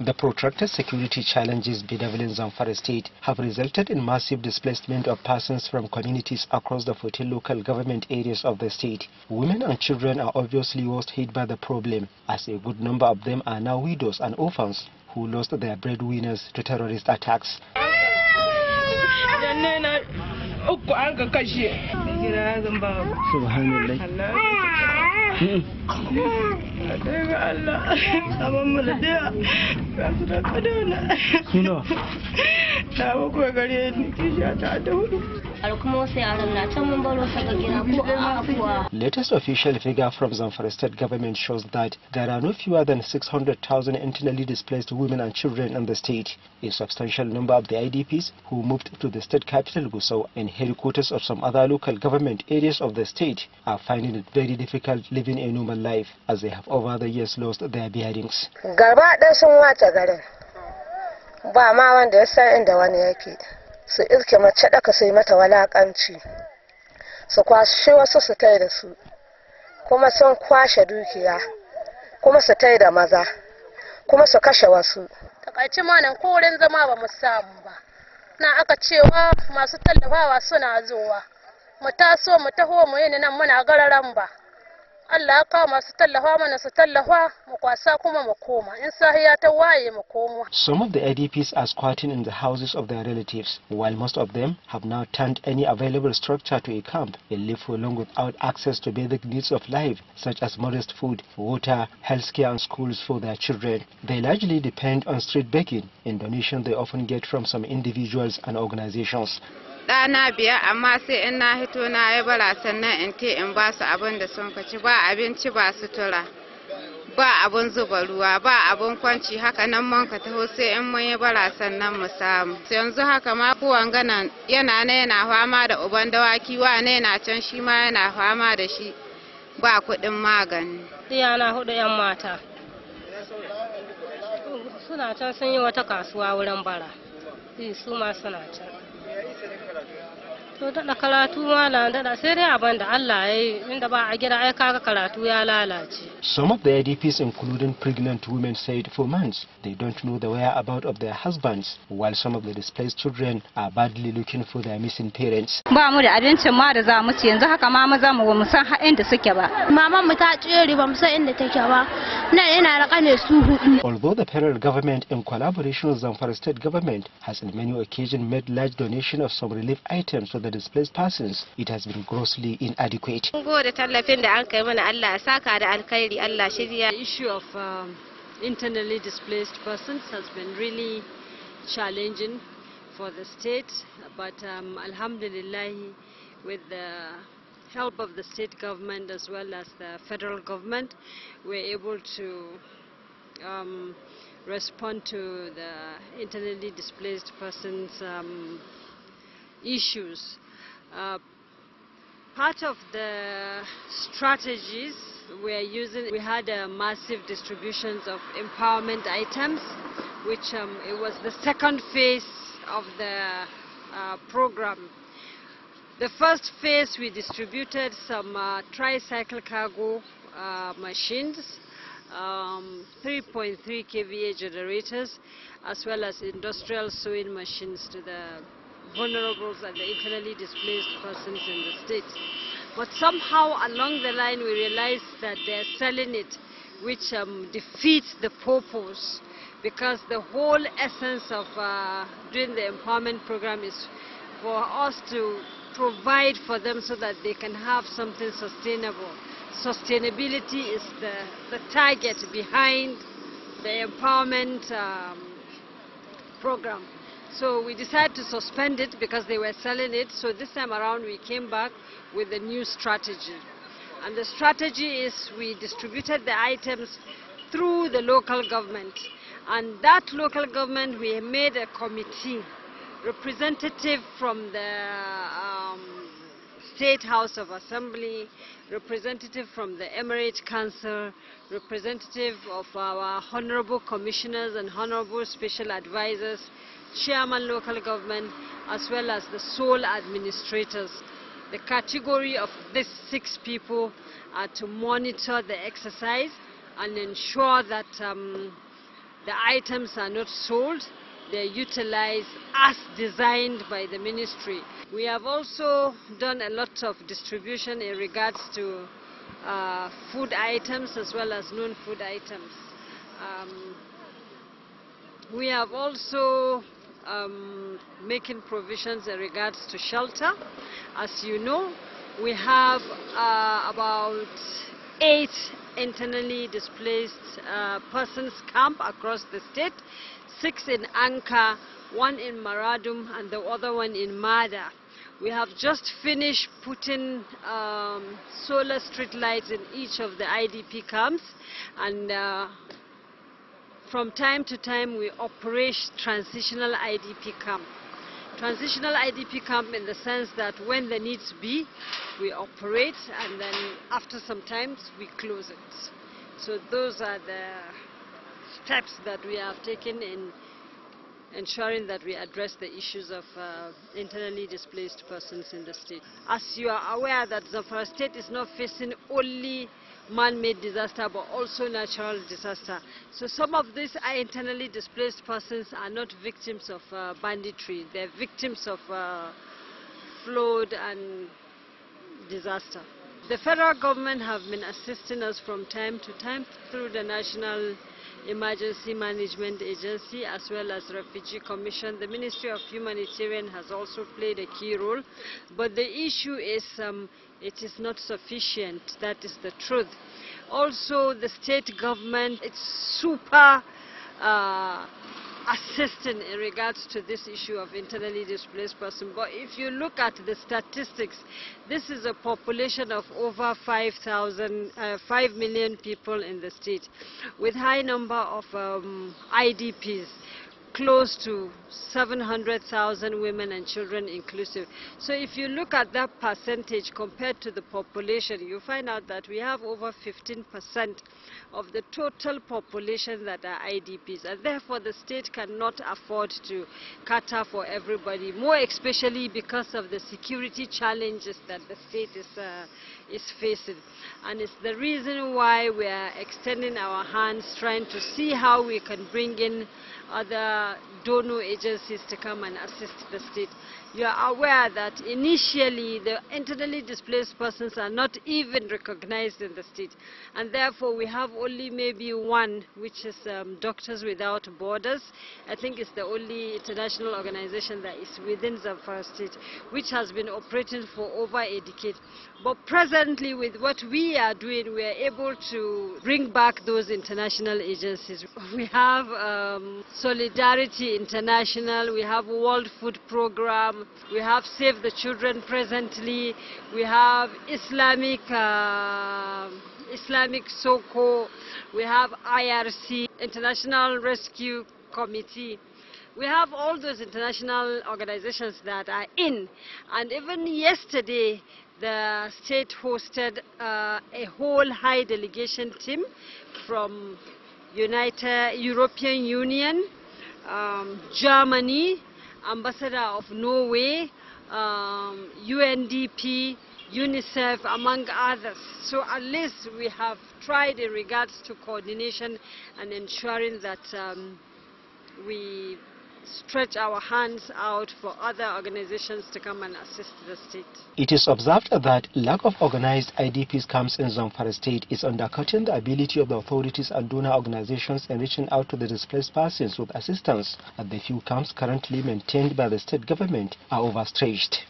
The protracted security challenges bedeviling Zamfara state have resulted in massive displacement of persons from communities across the 14 local government areas of the state. Women and children are obviously worst hit by the problem, as a good number of them are now widows and orphans who lost their breadwinners to terrorist attacks. Aduh Allah, sama meledak. Sudah pada anak. Sudah. ta bakwai gare ni kisha ta da hudu latest official figure from Zamfara state government shows that there are no fewer than 600,000 internally displaced women and children in the state a substantial number of the IDPs who moved to the state capital Gusau and headquarters of some other local government areas of the state are finding it very difficult living a normal life as they have over the years lost their bearings gaba sun wace garin ba ma wanda ya san inda wani yake su irke mace ɗaka su yi mata walakanci su kwashe wasu su tai da su kuma sun kwashe dukiya kuma su tai da maza kuma su kashe wasu takaici manan ko wurin zama ba mu samu ba na aka cewa masu tallafawa suna zuwa mu taso mu taho mu yi nan muna gararan ba Allah ya kawo masu tallafa mana su tallafa mu kwasa kuma mu koma in sahiya ta waye mu Some of the ADPs are squatting in the houses of their relatives while most of them have now turned any available structure to a camp. They live for long without access to basic needs of life such as modest food, water, healthcare and schools for their children. They largely depend on street begging and donations they often get from some individuals and organizations. ɗana biyar amma sai in na hito na yi bara sannan in ke in ba su abin da sun kaci ba abinci ba sutura ba abin zuba ruwa ba abin kwanci haka nan man ka taho sai in mun yi bara sannan mu samu yanzu haka ma kowan ganan yana na yana fama da uban dawaki wa ne yana can shi ma yana fama da shi ba kuɗin magani yana hudu yan mata suna can sun yi wata kasuwa wurin bara eh, su ma suna can to daɗa karatu malam daɗa sai dai abin da Allah ya yi inda ba a gida ai kaga karatu ya lalace. Some of the IDPs including pregnant women said for months they don't know the about of their husbands while some of the displaced children are badly looking for their missing parents. Ba mu da abincin ma da za mu ci yanzu haka ma maza mu ba mu san inda suke ba. Maman mu ta tsere ba mu san inda take ba. Nan yana ne su hudu. Although the federal government in collaboration with Zamfara state government has in many occasions made large donation of some relief items to the the displaced persons, it has been grossly inadequate. The issue of um, internally displaced persons has been really challenging for the state, but um, alhamdulillah, with the help of the state government as well as the federal government, we're able to um, respond to the internally displaced persons um, issues. Uh, part of the strategies we are using, we had a uh, massive distributions of empowerment items, which um, it was the second phase of the uh, program. The first phase we distributed some uh, tricycle cargo uh, machines, um, 3.3 kVA generators, as well as industrial sewing machines to the vulnerables and the internally displaced persons in the state. But somehow along the line we realized that they're selling it, which um, defeats the purpose because the whole essence of uh, doing the empowerment program is for us to provide for them so that they can have something sustainable. Sustainability is the, the target behind the empowerment um, program. So we decided to suspend it because they were selling it. So this time around we came back with a new strategy. And the strategy is we distributed the items through the local government. And that local government, we made a committee representative from the um, State House of Assembly, representative from the Emirate Council, representative of our honorable commissioners and honorable special advisors, chairman local government, as well as the sole administrators. The category of these six people are to monitor the exercise and ensure that um, the items are not sold, they're utilized as designed by the ministry. We have also done a lot of distribution in regards to uh, food items as well as non-food items. Um, we have also um, making provisions in regards to shelter. As you know, we have uh, about eight internally displaced uh, persons camp across the state, six in Anka, one in Maradum, and the other one in Mada. We have just finished putting um, solar street lights in each of the IDP camps, and uh, from time to time, we operate transitional IDP camp. Transitional IDP camp in the sense that when the needs be, we operate and then after some time, we close it. So those are the steps that we have taken in ensuring that we address the issues of uh, internally displaced persons in the state. As you are aware that first state is not facing only man-made disaster but also natural disaster. So some of these are internally displaced persons are not victims of uh, banditry. They're victims of uh, flood and disaster. The federal government have been assisting us from time to time through the national Emergency Management Agency as well as Refugee Commission. The Ministry of Humanitarian has also played a key role. But the issue is um, it is not sufficient. That is the truth. Also, the state government, it's super... Uh, assisting in regards to this issue of internally displaced persons, But if you look at the statistics, this is a population of over 5, 000, uh, 5 million people in the state with high number of um, IDPs close to 700,000 women and children inclusive. So if you look at that percentage compared to the population, you find out that we have over 15% of the total population that are IDPs. And therefore, the state cannot afford to cater for everybody, more especially because of the security challenges that the state is, uh, is facing. And it's the reason why we are extending our hands, trying to see how we can bring in other donor agencies to come and assist the state you are aware that initially the internally displaced persons are not even recognized in the state. And therefore we have only maybe one, which is um, Doctors Without Borders. I think it's the only international organization that is within Zamfara state, which has been operating for over a decade. But presently with what we are doing, we are able to bring back those international agencies. We have um, Solidarity International, we have World Food Programme, we have Save the Children presently, we have Islamic, uh, Islamic SOCO, we have IRC, International Rescue Committee. We have all those international organizations that are in. And even yesterday, the state hosted uh, a whole high delegation team from United European Union, um, Germany, Ambassador of Norway, um, UNDP, UNICEF, among others. So at least we have tried in regards to coordination and ensuring that um, we stretch our hands out for other organizations to come and assist the state. It is observed that lack of organized IDPs camps in Zamfara state is undercutting the ability of the authorities and donor organizations in reaching out to the displaced persons with assistance, and the few camps currently maintained by the state government are overstretched.